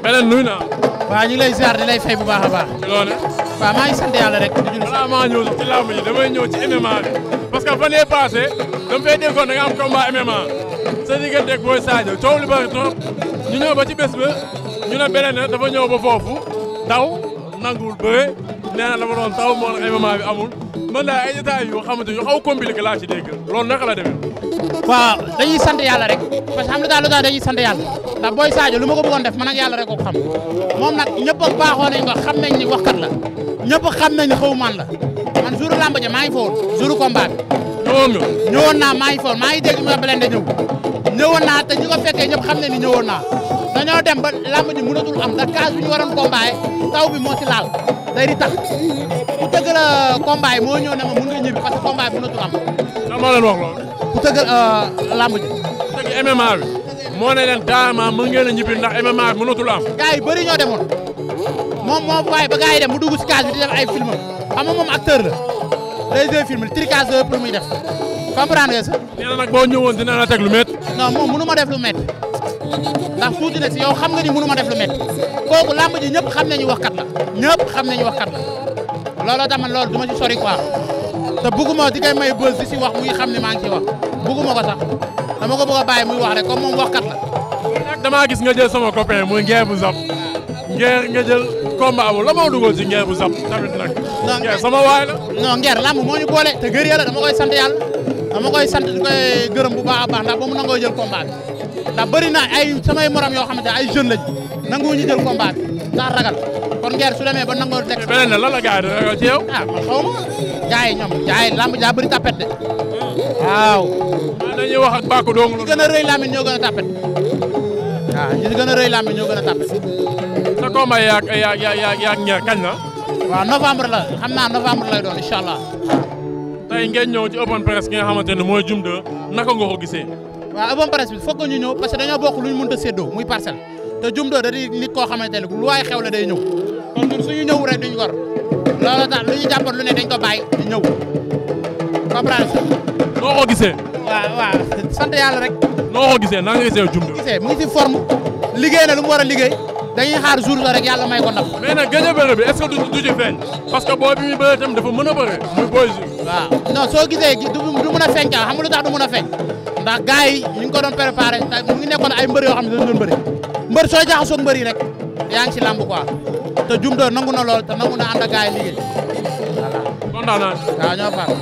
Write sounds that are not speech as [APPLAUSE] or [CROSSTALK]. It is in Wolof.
beneen nuyu naa. waaw ñu ngi lay ziar di lay fay bu baax a baax. loolu. waaw maa ngi sant yàlla rek. di jullit balaa maa ñëw ci làmb yi damay ñëw ci MMA bi. parce que fan yee passé dama fay déggoon da nga am combat MMA sa digganteeg booy Sadio coow li bari trop ñu ñëw ba ci ba ñu ne beneen dafa ñëw ba foofu daw nanguwul bëre nee na dama doon taw moon ay moment bi amul man daal ay détails yu xamante xaw compliqué laa ci dégg loolu naka la demee waaw dañuy sant yàlla rek parce que xam lu tax lu tax dañuy sant yàlla ndax booy Sadio lu ma ko bëggoon def man ak rek ko xam moom nag ñëpp ak baaxoo nañ xam nañ ni waxkat la ñëpp xam nañ ni xaw man la man jour làmb maa ngi foon jour combat bi ñëwoon nga ñëwoon naa maa ngi foon maa ngi dégg ñu nga ñëw ñëwoon naa te ñu ko fekkee ñëpp xam dañoo dem ba làmb ji mënatul am ndax case bi ñu taw bi moo si laal day di tax ku tëggal euh, combat moo ñëw ne ma mën nga ñibbi parce que combat mënatul am. moo leen wax loolu. ku tëggal euh, làmb ji. tëgg bi. moo ne leen daama mën ngeen a ñibbi ndax MMA bi mënatul am. gars yi bëri ñoo demoon moom moo waaye ba gars yi dem mu dugg si case bi di def ay film am moom acteur la day deux films tricase yooyu pour muy comprendre nga si. nee na nag boo ñëwoon dina la teg lu métti. non moom mënu ma def lu métti ndax tuuti na si yow xam nga ni mënu ma def lu métti kooku làmb ji ñëpp xam nañu waxkat la ñëpp xam nañu waxkat la looloo tax man loolu du ma si sori quoi te bëgguma di koy may bës di si wax muy xam ne maa ngi ciy wax bëgguma ko sax dama ko bëgg a bàyyi muy wax rek comme moom waxkat la. nag damaa gis nga jël sama copain muy Nguer bu Zap Nguer nga jël combat bu la moo dugal ci Nguer bu Zap tamit nag. non Nguer la. non Nguer làmb moo ñu boole sant yàlla. dama koy sant di koy gërëm bu baax a baax ndax ba nangoo jël combat bi ndax bëri na ay samay morom yoo xamante ay jeune lañ nangoo ñu jël combat bi ndax ragal kon ngeer su ba nangoo teg. beneen la lan la gars yi ragal ci yow. ah man xaw ma gars bëri tapet de ah, waaw. ñi gën a rëy lamb ñoo gën a tapet a rëy lamb ñoo gën a tapet. sa combat yaag yaag yaag yaag ñeer kañ la. waaw novembre la xam naa novembre lay doon incha allah. tey ngeen ñëw ci open press ki nga xamante ne mooy Dioum 2 naka nga ko gisee. waaw open press bi foog ñu ñëw parce que dañoo bokk lu ñu mënut a séddoo muy parcelle te Dioum 2 da nit koo xamante ne lu waay xew la day ñëw kon ñun suñu ñëw rek duñ gor loolu tax lu ñu jàppoon lu ne dañ ko bàyyi ñëw comprendre noo ko gisee. waaw waaw [LAUGHS] sant yàlla rek. noo ko gisee naa gisee Dioum 2. gisee mu ngi ci liggéey na lu mu war a liggéey dañuy xaar jour la rek yàlla may ko ndam. mais nag gëj a bëre bi est ce du du ci feeñ parce que booy bi muy bëre tam dafa mën booy ji. waaw non soo gisee du du mën a feeñ ca xam nga lu tax du mën a feeñ ndax gars yi ñu ngi ko doon préparé nekkoon ay mbër yoo xam ne dañu doon bëri mbër soo jaxasoo rek yaa ngi ci làmb quoi te jumtoo nangu na lool te nangu na ànd ak gars yi liggéey ñoo far.